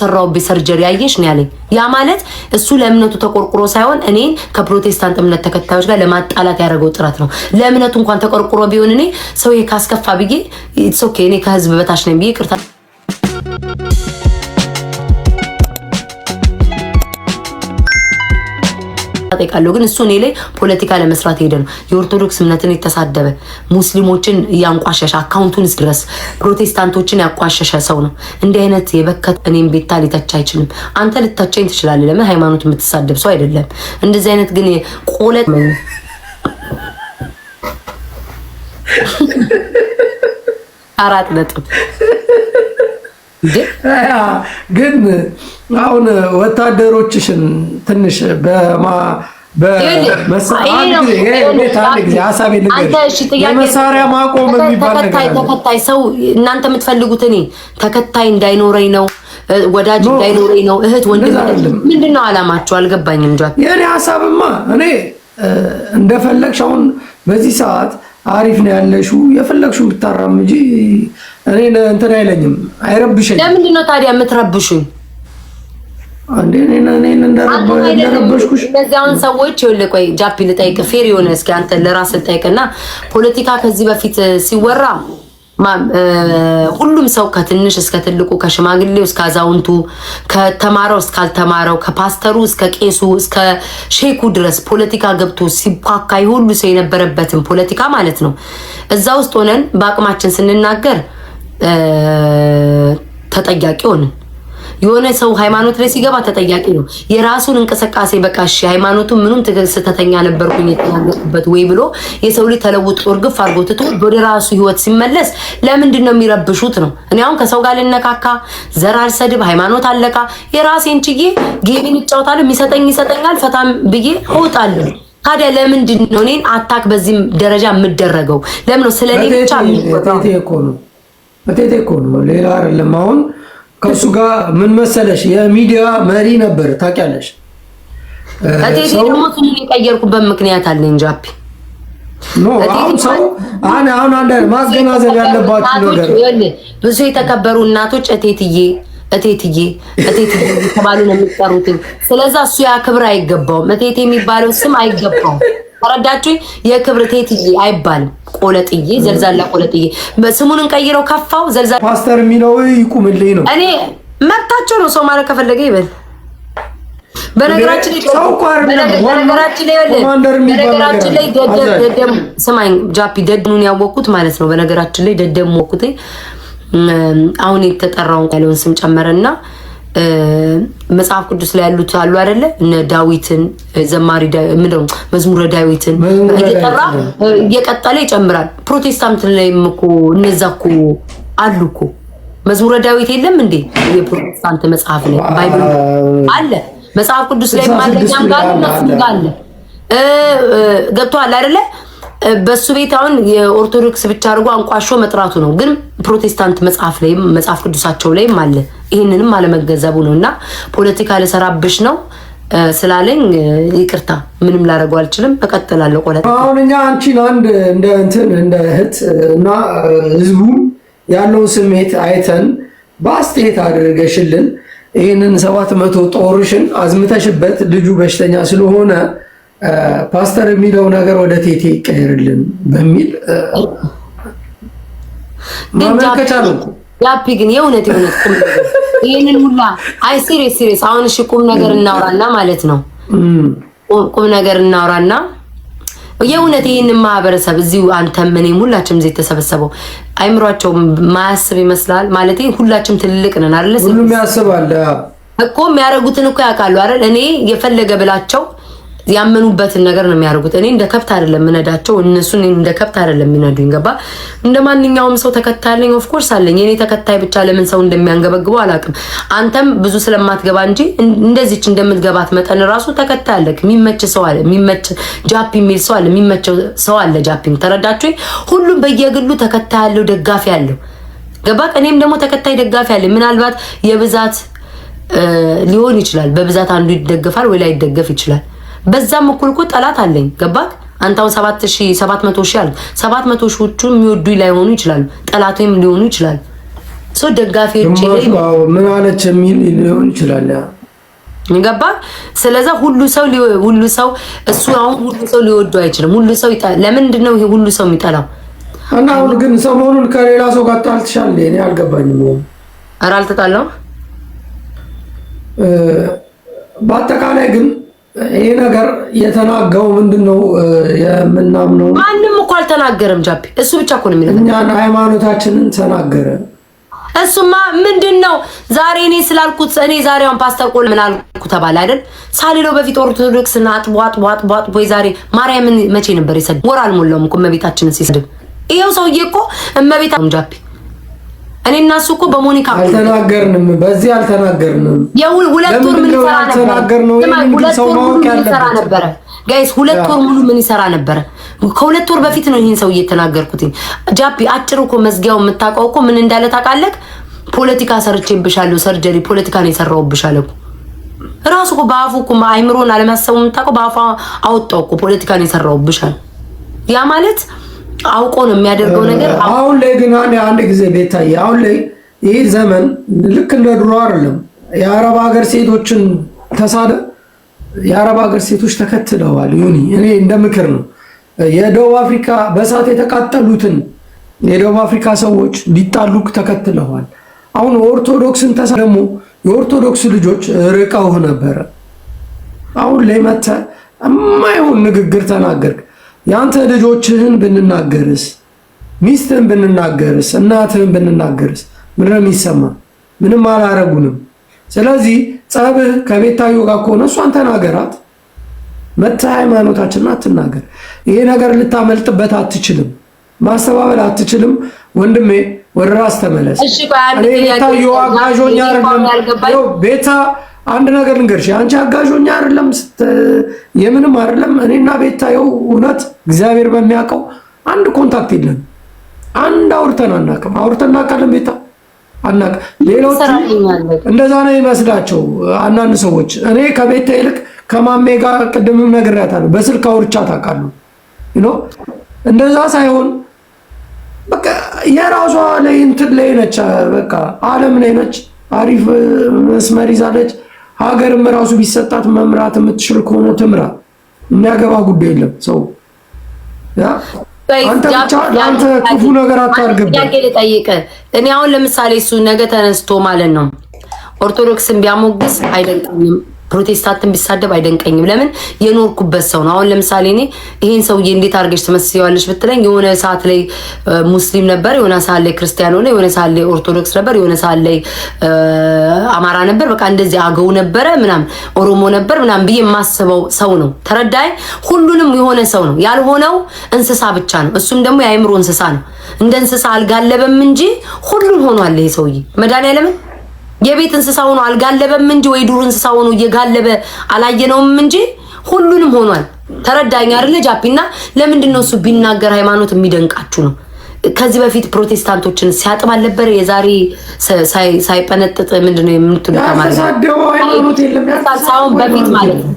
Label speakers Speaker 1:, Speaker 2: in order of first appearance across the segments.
Speaker 1: ሰራውብኝ ሰርጀሪ አየሽ ነው ያለኝ። ያ ማለት እሱ ለእምነቱ ተቆርቁሮ ሳይሆን እኔን ከፕሮቴስታንት እምነት ተከታዮች ጋር ለማጣላት ያደረገው ጥረት ነው። ለእምነቱ እንኳን ተቆርቁሮ ቢሆን እኔ ሰው ካስከፋ ብዬ ኢትስ ኦኬ እኔ ከህዝብ በታች ነኝ ብዬ ቅርታ ጠይቃለሁ። ግን እሱ እኔ ላይ ፖለቲካ ለመስራት ሄደ ነው። የኦርቶዶክስ እምነትን የተሳደበ ሙስሊሞችን እያንቋሸሸ አካውንቱን ድረስ ፕሮቴስታንቶችን ያቋሸሸ ሰው ነው። እንዲህ አይነት የበከት እኔም ቤታ ሊተቻ አይችልም። አንተ ልታቻኝ ትችላለህ። ለምን ሃይማኖት የምትሳደብ ሰው አይደለም። እንደዚህ አይነት ግን ቆለጥ አራት ነጥብ
Speaker 2: ግን አሁን ወታደሮችሽን ትንሽ በመሳሪያ ማቆም የሚባል
Speaker 1: ተከታይ ሰው እናንተ የምትፈልጉት እኔ ተከታይ እንዳይኖረኝ ነው፣ ወዳጅ እንዳይኖረኝ ነው። እህት ወንድም ምንድን ነው አላማቸው? አልገባኝም። ጃ
Speaker 2: የእኔ ሀሳብማ እኔ እንደፈለግሽ አሁን በዚህ ሰዓት አሪፍ ነው ያለሽው፣ የፈለግሽው እንጂ እኔ እንትን አይለኝም፣ አይረብሸኝም።
Speaker 1: ለምንድን ነው ታዲያ የምትረብሹኝ?
Speaker 2: አንዴ እኔን እኔን እንደረበሽኩሽ
Speaker 1: እነዚያን ሰዎች ይኸውልህ፣ ቆይ ጃፒ ልጠይቅህ፣ ፌር የሆነ እስኪ አንተ ለራስህ ልጠይቅና ፖለቲካ ከዚህ በፊት ሲወራ ሁሉም ሰው ከትንሽ እስከ ትልቁ ከሽማግሌው እስከ አዛውንቱ ከተማረው እስካልተማረው ከፓስተሩ እስከ ቄሱ እስከ ሼኩ ድረስ ፖለቲካ ገብቶ ሲኳካ ሁሉ ሰው የነበረበትን ፖለቲካ ማለት ነው። እዛ ውስጥ ሆነን በአቅማችን ስንናገር ተጠያቂ ሆንን። የሆነ ሰው ሃይማኖት ላይ ሲገባ ተጠያቂ ነው። የራሱን እንቅስቃሴ በቃ እሺ ሃይማኖቱን ምኑም ስተተኛ ነበርኩኝ የተናገርኩበት ወይ ብሎ የሰው ልጅ ተለውጦ እርግፍ አድርጎ ትቶ ወደ ራሱ ህይወት ሲመለስ ለምንድን ነው የሚረብሹት? ነው እኔ አሁን ከሰው ጋር ልነካካ፣ ዘር አልሰድብ፣ ሃይማኖት አለቃ የራሴን ችዬ ጌሚን ይጫወታለሁ። የሚሰጠኝ ይሰጠኛል፣ ፈታም ብዬ እወጣለሁ። ታዲያ ለምንድን ነው እኔን አታክ በዚህም ደረጃ የምደረገው? ለምን ነው ስለኔ
Speaker 2: ብቻ ነው? ሌላ አይደለም አሁን ከእሱ ጋር ምን መሰለሽ የሚዲያ መሪ ነበር ታውቂያለሽ።
Speaker 1: እቴቴ ደግሞ ስም የቀየርኩበት ምክንያት አለ እንጂ
Speaker 2: አሁን አሁን አንድ ማስገናዘብ ያለባችሁ ነገር
Speaker 1: ብዙ የተከበሩ እናቶች እቴትዬ እቴትዬ እቴትዬ ነው የሚጠሩት። ስለዛ እሱ ያ ክብር አይገባውም። እቴቴ የሚባለው ስም አይገባውም። ተረዳችሁኝ? የክብር ቴትዬ አይባልም። ቆለጥዬ፣ ዘልዛላ ቆለጥዬ ስሙንን ቀይረው ከፋው ዘልዛ
Speaker 2: ፓስተር የሚለው ይቁምልኝ ነው።
Speaker 1: እኔ መብታቸው ነው። ሰው ማለት ከፈለገ ይበል። በነገራችን ላይ ጃፒ ደደሙን ያወቅኩት ማለት ነው። በነገራችን ላይ ደደም ወቅኩት። አሁን የተጠራውን ያለውን ስም ጨመረና መጽሐፍ ቅዱስ ላይ ያሉት አሉ አይደለ? እነ ዳዊትን ዘማሪ ምንድነው መዝሙረ ዳዊትን እየጠራ እየቀጠለ ይጨምራል። ፕሮቴስታንት ላይም እኮ እነዛ እኮ አሉ እኮ መዝሙረ ዳዊት የለም እንዴ? የፕሮቴስታንት መጽሐፍ ላይ ባይብል አለ። መጽሐፍ ቅዱስ ላይ ማለኛም ጋር ነው ጋር አለ። ገብቶሃል አይደለ? በሱ ቤት አሁን የኦርቶዶክስ ብቻ አድርጎ አንቋሾ መጥራቱ ነው። ግን ፕሮቴስታንት መጽሐፍ ላይም መጽሐፍ ቅዱሳቸው ላይም አለ። ይህንንም አለመገንዘቡ ነው እና ፖለቲካ ልሰራብሽ ነው ስላለኝ ይቅርታ፣ ምንም ላደርገው አልችልም። እቀጥላለሁ። ቆለ
Speaker 2: አሁን እኛ አንቺን አንድ እንደ እንትን እንደ እህት እና ህዝቡም ያለውን ስሜት አይተን በአስተያየት አድርገሽልን ይህንን ሰባት መቶ ጦርሽን አዝምተሽበት ልጁ በሽተኛ ስለሆነ ፓስተር የሚለው ነገር ወደ ቴቴ ይቀየርልን በሚል
Speaker 1: ማመልከቻ ያፒ ግን የእውነት የእውነት ቁም ነገር ይህንን ሁላ አይ ሲሪየስ ሲሪየስ። አሁን እሺ ቁም ነገር እናውራና ማለት ነው ቁም ነገር እናውራና የእውነት ይህንን ማህበረሰብ እዚሁ አንተም እኔም ሁላችንም እዚህ የተሰበሰበው አይምሯቸው ማያስብ ይመስላል። ማለት ሁላችንም ትልልቅ ነን
Speaker 2: አይደለ? ሁሉም ያስባል
Speaker 1: እኮ የሚያደርጉትን እኮ ያውቃሉ አይደል? እኔ የፈለገ ብላቸው ያመኑበትን ነገር ነው የሚያደርጉት። እኔ እንደ ከብት አይደለም የምነዳቸው፣ እነሱ እኔን እንደ ከብት አይደለም የሚነዱኝ። ገባ? እንደ ማንኛውም ሰው ተከታይ አለኝ፣ ኦፍ ኮርስ አለኝ። የኔ ተከታይ ብቻ ለምን ሰው እንደሚያንገበግበው አላውቅም። አንተም ብዙ ስለማትገባ እንጂ እንደዚች እንደምትገባት መጠን ራሱ ተከታይ አለክ። የሚመች ሰው አለ፣ የሚመች ጃፒ የሚል ሰው አለ፣ የሚመች ሰው አለ ጃፒን። ተረዳችሁ? ሁሉም በየግሉ ተከታይ ያለው ደጋፊ አለው። ገባ? እኔም ደግሞ ተከታይ ደጋፊ አለኝ። ምናልባት የብዛት ሊሆን ይችላል። በብዛት አንዱ ይደገፋል ወይ ይደገፍ ይችላል። በዛም እኩል እኮ ጠላት አለኝ። ገባክ? አንታውን 7000 700 ሺህ አለ 700 ሺዎቹ የሚወዱ ላይሆኑ ይችላሉ፣ ጠላቱም ሊሆኑ ይችላሉ። ሰው ደጋፊዎች
Speaker 2: ምን አለች የሚል ሊሆን ይችላል።
Speaker 1: ገባ? ስለዛ ሁሉ ሰው ሁሉ ሰው እሱ አሁን ሁሉ ሰው ሊወዱ አይችልም። ሁሉ ሰው ይጣላል። ለምንድን ነው ይሄ ሁሉ ሰው የሚጠላው?
Speaker 2: እና አሁን ግን ሰሞኑን ከሌላ ሰው ጋር ተጣልተሻል። እኔ አልገባኝም።
Speaker 1: ኧረ አልተጣላሁም።
Speaker 2: በአጠቃላይ ግን ይህ ነገር የተናገው ምንድን ነው የምናምነው?
Speaker 1: ማንም እኮ አልተናገረም። ጃፒ እሱ ብቻ እኮ ነው
Speaker 2: የሚለው። እኛን ሃይማኖታችንን ተናገረ።
Speaker 1: እሱማ ምንድን ነው ዛሬ እኔ ስላልኩት እኔ ዛሬዋን ፓስተር ቆል ምን አልኩ ተባለ አይደል? ሳሌለው በፊት ኦርቶዶክስ ኦርቶዶክስና አጥቦ አጥቦ አጥቦ አጥቦ ዛሬ ማርያምን መቼ ነበር የሰድብ? ወር አልሞላውም እኮ እመቤታችንን ሲሰድብ ይኸው ሰውዬ እኮ እመቤታ ጃፒ እኔ እና እሱ እኮ በሞኒካ
Speaker 2: አልተናገርንም፣ በዚህ አልተናገርንም።
Speaker 1: ሁለት ወር ምን ይሰራ ነበር? ምን ነበር? ጋይስ ሁለት ወር ሙሉ ምን ይሰራ ነበር? ከሁለት ወር በፊት ነው ይህን ሰው እየተናገርኩትኝ። ጃፒ አጭር እኮ መዝጊያው የምታውቀው እኮ ምን እንዳለ ታውቃለህ? ፖለቲካ ሰርቼብሻለሁ፣ ሰርጀሪ ፖለቲካ ነው የሰራሁብሻለሁ እኮ ራሱ እኮ በአፉ እኮ አይምሮን አለማሰቡ የምታውቀው በአፏ አወጣው እኮ ፖለቲካ ነው የሰራሁብሻለሁ ያ ማለት አውቆ ነው የሚያደርገው
Speaker 2: ነገር። አሁን ላይ ግን አንድ አንድ ጊዜ ቤታዬ፣ አሁን ላይ ይህ ዘመን ልክ እንደ ድሮ አይደለም። የአረብ ሀገር ሴቶችን ተሳደ የአረብ ሀገር ሴቶች ተከትለዋል። ይሁን እኔ እንደ ምክር ነው። የደቡብ አፍሪካ በእሳት የተቃጠሉትን የደቡብ አፍሪካ ሰዎች ሊጣሉ ተከትለዋል። አሁን ኦርቶዶክስን ተሳ ደግሞ የኦርቶዶክስ ልጆች ርቀው ነበረ። አሁን ላይ መተ የማይሆን ንግግር ተናገርክ። ያንተ ልጆችህን ብንናገርስ፣ ሚስትህን ብንናገርስ፣ እናትህን ብንናገርስ ምንድነው የሚሰማ? ምንም አላረጉንም። ስለዚህ ጸብህ ከቤታዮ ጋር ከሆነ እሷን ተናገራት። መተህ ሃይማኖታችንን አትናገር። ይሄ ነገር ልታመልጥበት አትችልም። ማስተባበል አትችልም። ወንድሜ ወደ ራስ ተመለስ። ቤታ አንድ ነገር ልንገርሽ፣ አንቺ አጋዦኛ አይደለም የምንም አይደለም። እኔና ቤታየው እውነት እግዚአብሔር በሚያውቀው አንድ ኮንታክት የለን፣ አንድ አውርተን አናውቅም። አውርተን እናውቃለን ቤታ አናውቅም። ሌሎች እንደዛ ነው ይመስላቸው አንዳንድ ሰዎች። እኔ ከቤታ ይልቅ ከማሜ ጋር ቅድምም ነግሬያታለሁ፣ በስልክ አውርቻ ታውቃለሁ። እንደዛ ሳይሆን በቃ የራሷ ላይ እንትን ላይ ነች፣ በቃ አለም ላይ ነች። አሪፍ መስመር ይዛለች። ሀገርም ራሱ ቢሰጣት መምራት የምትችል ከሆነ ትምራ። የሚያገባ ጉዳይ የለም። ሰው አንተ ብቻ ለአንተ ክፉ ነገር አታርግብኝ።
Speaker 1: እኔ አሁን ለምሳሌ እሱ ነገ ተነስቶ ማለት ነው ኦርቶዶክስን ቢያሞግስ አይደንቀኝም። ፕሮቴስታንትን ቢሳደብ አይደንቀኝም። ለምን የኖርኩበት ሰው ነው። አሁን ለምሳሌ እኔ ይሄን ሰውዬ እንዴት አድርገሽ ትመስያለሽ ብትለኝ የሆነ ሰዓት ላይ ሙስሊም ነበር፣ የሆነ ሰዓት ላይ ክርስቲያን ሆነ፣ የሆነ ሰዓት ላይ ኦርቶዶክስ ነበር፣ የሆነ ሰዓት ላይ አማራ ነበር፣ በቃ እንደዚህ አገው ነበረ ምናምን ኦሮሞ ነበር ምናምን ብዬ የማስበው ሰው ነው። ተረዳይ ሁሉንም የሆነ ሰው ነው። ያልሆነው እንስሳ ብቻ ነው። እሱም ደግሞ የአይምሮ እንስሳ ነው። እንደ እንስሳ አልጋለበም እንጂ ሁሉም ሆኗል ይሄ ሰውዬ መድኃኒዓለምን የቤት እንስሳ ሆኖ አልጋለበም እንጂ ወይ ዱር እንስሳ ሆኖ እየጋለበ አላየነውም እንጂ ሁሉንም ሆኗል። ተረዳኝ አይደል ጃፒና? ለምንድን ነው እሱ ቢናገር ሃይማኖት የሚደንቃችሁ ነው? ከዚህ በፊት ፕሮቴስታንቶችን ሲያጥባል ነበር። የዛሬ ሳይጠነጥጥ ምንድን ነው
Speaker 2: የምትሉ ተማሪ
Speaker 1: በፊት ማለት ነው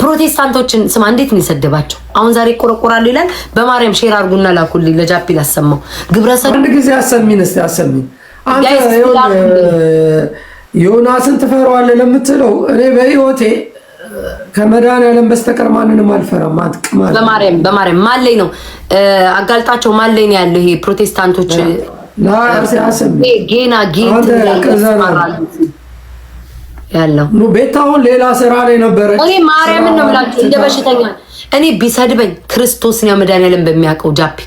Speaker 1: ፕሮቴስታንቶችን ስማ፣ እንዴት ነው የሰደባቸው? አሁን ዛሬ ይቆረቆራሉ ይላል። በማርያም ሼር አርጉና ላኩልኝ፣ ለጃፒ ላሰማው
Speaker 2: ግብረሰብ አንድ ጊዜ አሰሚን ስ አሰሚን አንተ ዮናስን ትፈራዋለህ ለምትለው እኔ በህይወቴ ከመድኃኒዓለም በስተቀር ማንንም አልፈራም። አጥቅማ
Speaker 1: በማርያም በማርያም ማለኝ ነው አጋልጣቸው ማለኝ ነው ያለው። ይሄ ፕሮቴስታንቶች ጌና ጌት
Speaker 2: ያለው ቤታሁን ሌላ ስራ ላይ ነበረ።
Speaker 1: እኔ ማርያምን ነው ብላችሁ እንደ በሽተኛ እኔ ቢሰድበኝ ክርስቶስን ያው መድኃኒዓለም በሚያውቀው ጃፔ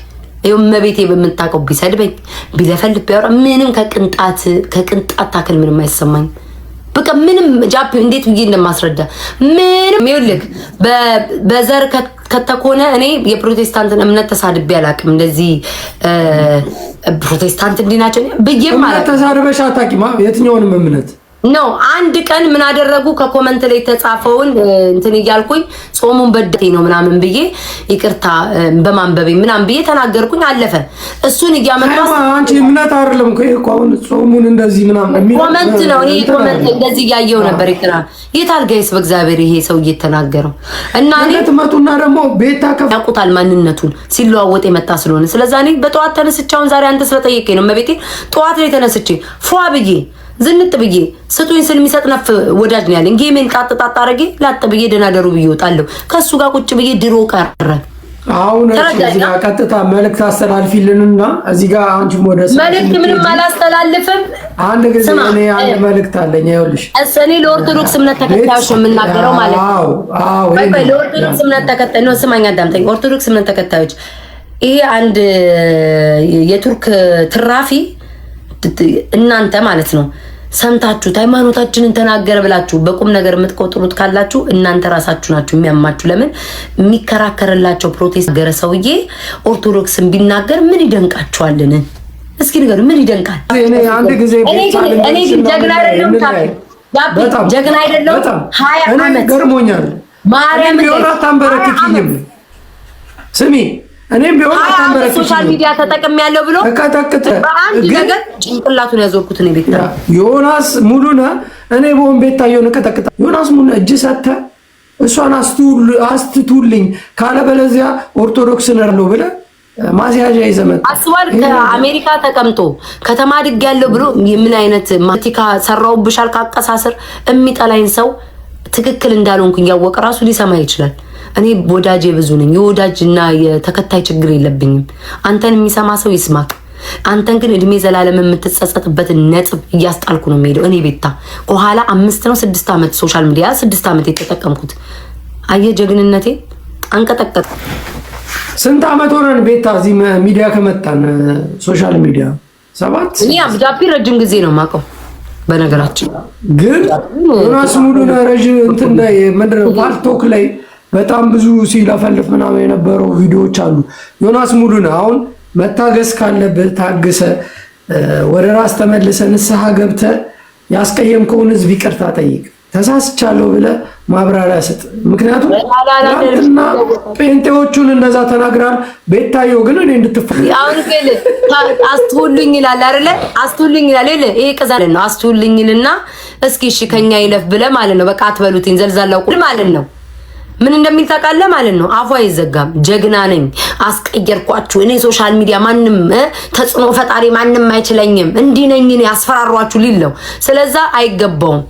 Speaker 1: እመቤቴ በምታውቀው ቢሰድበኝ ቢዘፈን ቢያወራ ምንም ከቅንጣት ከቅንጣት ታክል ምንም አይሰማኝ። በቃ ምንም ጃፕ እንዴት ብዬ እንደማስረዳ ምንም ይኸውልህ፣ በዘር ከተኮነ እኔ የፕሮቴስታንትን እምነት ተሳድቤ አላውቅም። እንደዚህ ፕሮቴስታንት እንዲህ ናቸው ብዬም
Speaker 2: አላውቅም። ተሳድበሽ አታውቂም የትኛውንም እምነት
Speaker 1: ነው አንድ ቀን ምን አደረጉ? ከኮመንት ላይ የተጻፈውን እንትን እያልኩኝ ጾሙን በደቴ ነው ምናምን ብዬ ይቅርታ በማንበቤ ምናምን ብዬ ተናገርኩኝ። አለፈ። እሱን እያመጣ
Speaker 2: አንቺ እምነት አይደለም እኮ አሁን ጾሙን እንደዚህ ምናምን
Speaker 1: ኮመንት ነው። ይሄ ኮመንት እንደዚህ እያየው ነበር። ይቅራ የታል ጋይስ? በእግዚአብሔር ይሄ ሰው እየተናገረው
Speaker 2: እና እኔ ትመጡና ደግሞ ቤታ ከፍ
Speaker 1: ያውቁታል ማንነቱን ሲለዋወጥ የመጣ ስለሆነ ስለዛ እኔ በጠዋት ተነስቼ አሁን ዛሬ አንተ ስለጠየቀኝ ነው መቤቴ ጠዋት ላይ ተነስቼ ፏ ብዬ ዝንጥ ብዬ ስጡኝ ስል የሚሰጥ ነፍ ወዳጅ ነው ያለኝ። ጌሜን ጣጥ ጣጥ አድርጌ ላጥ ብዬ ደናደሩ ብዬ እወጣለሁ። ከእሱ ጋር ቁጭ ብዬ ድሮ ቀረ።
Speaker 2: አሁን እዚህ ጋር ቀጥታ መልእክት አስተላልፊልንና እዚህ ጋር አንቺ ወደ
Speaker 1: መልእክት ምንም አላስተላልፍም።
Speaker 2: አንድ ጊዜ እኔ አንድ መልእክት አለኝ። ይኸውልሽ
Speaker 1: እኔ ለኦርቶዶክስ እምነት ተከታዮች የምናገረው ማለት ነው። አዎ ለኦርቶዶክስ እምነት ተከታይ ነው። ስማኝ አዳምጠኝ። ኦርቶዶክስ እምነት ተከታዮች ይሄ አንድ የቱርክ ትራፊ እናንተ ማለት ነው ሰምታችሁት ሃይማኖታችንን ተናገረ ብላችሁ በቁም ነገር የምትቆጥሩት ካላችሁ እናንተ ራሳችሁ ናችሁ የሚያማችሁ። ለምን የሚከራከርላቸው ፕሮቴስት ገረ ሰውዬ ኦርቶዶክስን ቢናገር ምን ይደንቃችኋልን? እስኪ ንገሩ፣ ምን ይደንቃል?
Speaker 2: እኔ ግን
Speaker 1: ጀግና አይደለሁም፣ ጀግና አይደለሁም።
Speaker 2: ሀያ ዓመት ገርሞኛል። ማርያም ሆናት አንበረክትም። ስሚ እኔም ቢሆን
Speaker 1: ሶሻል ሚዲያ ተጠቅም ያለው ብሎ እከተክተ በአንድ ነገር ጭንቅላቱን ያዞርኩት እኔ ቤታ
Speaker 2: ዮናስ ሙሉነ እኔ በሆን ቤታ የሆን እከተክታ ዮናስ ሙሉነ እጅ ሰተ እሷን አስቱል አስትቱልኝ ካለበለዚያ ኦርቶዶክስ ነር ነው ብለ ማስያዣ ይዘመት
Speaker 1: አስዋል ከአሜሪካ ተቀምጦ ከተማ ድግ ያለው ብሎ የምን አይነት ማቲካ ሰራው ብሻል ካቀሳሰር የሚጠላኝ ሰው ትክክል እንዳልሆንኩኝ ያወቀ ራሱ ሊሰማ ይችላል። እኔ ወዳጅ ብዙ ነኝ። የወዳጅና የተከታይ ችግር የለብኝም። አንተን የሚሰማ ሰው ይስማክ። አንተን ግን እድሜ ዘላለም የምትጸጸጥበትን ነጥብ እያስጣልኩ ነው የሚሄደው። እኔ ቤታ ከኋላ አምስት ነው ስድስት ዓመት ሶሻል ሚዲያ ስድስት ዓመት የተጠቀምኩት። አየ ጀግንነቴ አንቀጠቀጥ።
Speaker 2: ስንት ዓመት ሆነን ቤታ እዚህ ሚዲያ ከመጣን ሶሻል ሚዲያ ሰባት።
Speaker 1: እኔ አብዳቢ ረጅም ጊዜ ነው የማውቀው። በነገራችን
Speaker 2: ግን ዮናስ ሙሉነህ ረዥ እንትን ላይ መድረ ፓርቶክ ላይ በጣም ብዙ ሲለፈልፍ ምናምን የነበረው ቪዲዮዎች አሉ። ዮናስ ሙሉን አሁን መታገስ ካለበት ታግሰ ወደ ራስ ተመልሰ ንስሐ ገብተ ያስቀየምከውን ህዝብ ይቅርታ ጠይቅ። ተሳስቻለሁ ብለ ማብራሪያ ስጥ። ምክንያቱም ትናንትና ጴንጤዎቹን እነዛ ተናግራል። ቤታየው ግን እኔ
Speaker 1: እንድትፈሁን ግን አስትሁልኝ ይላል አይደለ? አስትሁልኝ ይላል ለ ይሄ ቀዛ ነው። አስትሁልኝልና እስኪ እሺ ከኛ ይለፍ ብለ ማለት ነው። በቃ አትበሉትኝ ዘልዛላው ማለት ነው ምን እንደሚል ታውቃለህ ማለት ነው። አፉ አይዘጋም። ጀግና ነኝ፣ አስቀየርኳችሁ። እኔ ሶሻል ሚዲያ ማንም ተጽዕኖ ፈጣሪ ማንም አይችለኝም፣ እንዲህ ነኝ እኔ፣ አስፈራሯችሁ ሊለው ስለዛ አይገባውም።